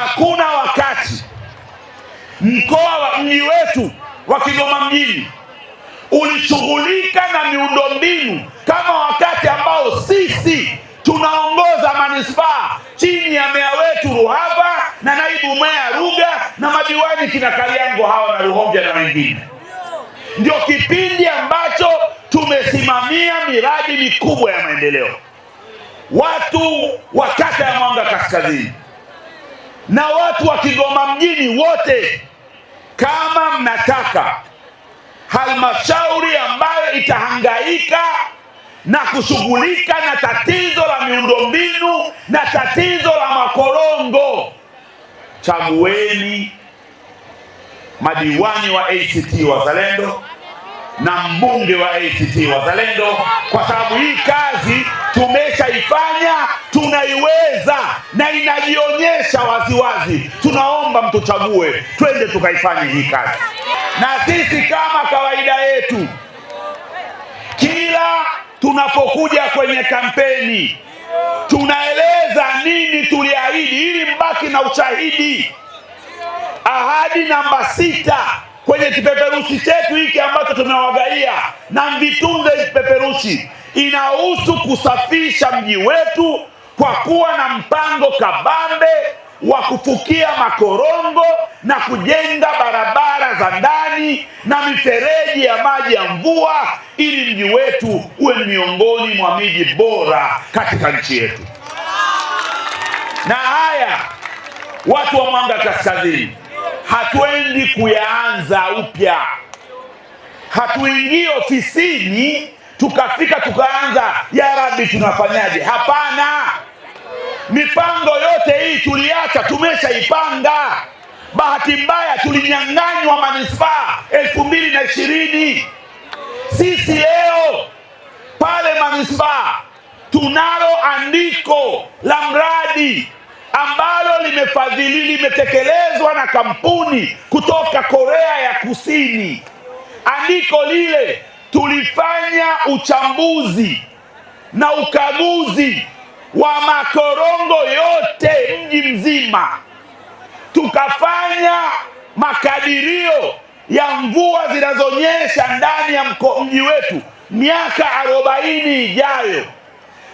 Hakuna wakati mkoa wa mji wetu wa Kigoma mjini ulishughulika na miundombinu kama wakati ambao sisi tunaongoza manispaa chini ya meya wetu Ruhava na naibu meya Ruga na madiwani kina Kaliango hawa na Ruhomja na wengine. Ndio kipindi ambacho tumesimamia miradi mikubwa ya maendeleo. Watu wa kata ya Mwanga Kaskazini na watu wa Kigoma mjini wote, kama mnataka halmashauri ambayo itahangaika na kushughulika na tatizo la miundombinu na tatizo la makorongo, chagueni madiwani wa ACT Wazalendo na mbunge wa ACT Wazalendo, kwa sababu hii kazi tumeshaifanya tunaiweza na inajionyesha waziwazi. Tunaomba mtuchague, twende tukaifanye hii kazi. Na sisi kama kawaida yetu, kila tunapokuja kwenye kampeni tunaeleza nini tuliahidi, ili mbaki na ushahidi. Ahadi namba sita kwenye kipeperushi chetu hiki ambacho tumewagaia, na mvitunze kipeperushi, inahusu kusafisha mji wetu kwa kuwa na mpango kabambe wa kufukia makorongo na kujenga barabara za ndani na mifereji ya maji ya mvua ili mji wetu uwe miongoni mwa miji bora katika nchi yetu. Na haya watu wa Mwanga Kaskazini, hatuendi kuyaanza upya. Hatuingii ofisini tukafika tukaanza, ya Rabi, tunafanyaje? Hapana. Mipango yote hii tuliacha, tumeshaipanga. Bahati mbaya tulinyang'anywa manispaa elfu mbili na ishirini. Sisi leo pale manispaa tunalo andiko la mradi ambalo limefadhili limetekelezwa na kampuni kutoka Korea ya Kusini. Andiko lile tulifanya uchambuzi na ukaguzi wa makorongo yote mji mzima, tukafanya makadirio ya mvua zinazonyesha ndani ya mji wetu miaka arobaini ijayo.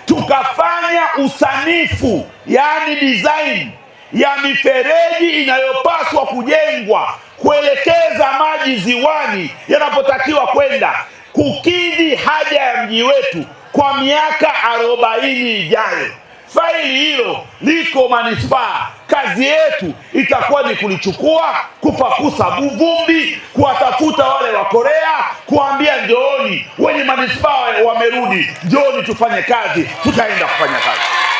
Tukafanya usanifu yaani design ya mifereji inayopaswa kujengwa kuelekeza maji ziwani yanapotakiwa kwenda kukidhi haja ya mji wetu kwa miaka arobaini ijayo. Faili hilo liko manispaa. Kazi yetu itakuwa ni kulichukua, kupakusa vumbi, kuwatafuta wale wa Korea, kuambia njooni, wenye manispaa wamerudi, njooni tufanye kazi, tutaenda kufanya kazi.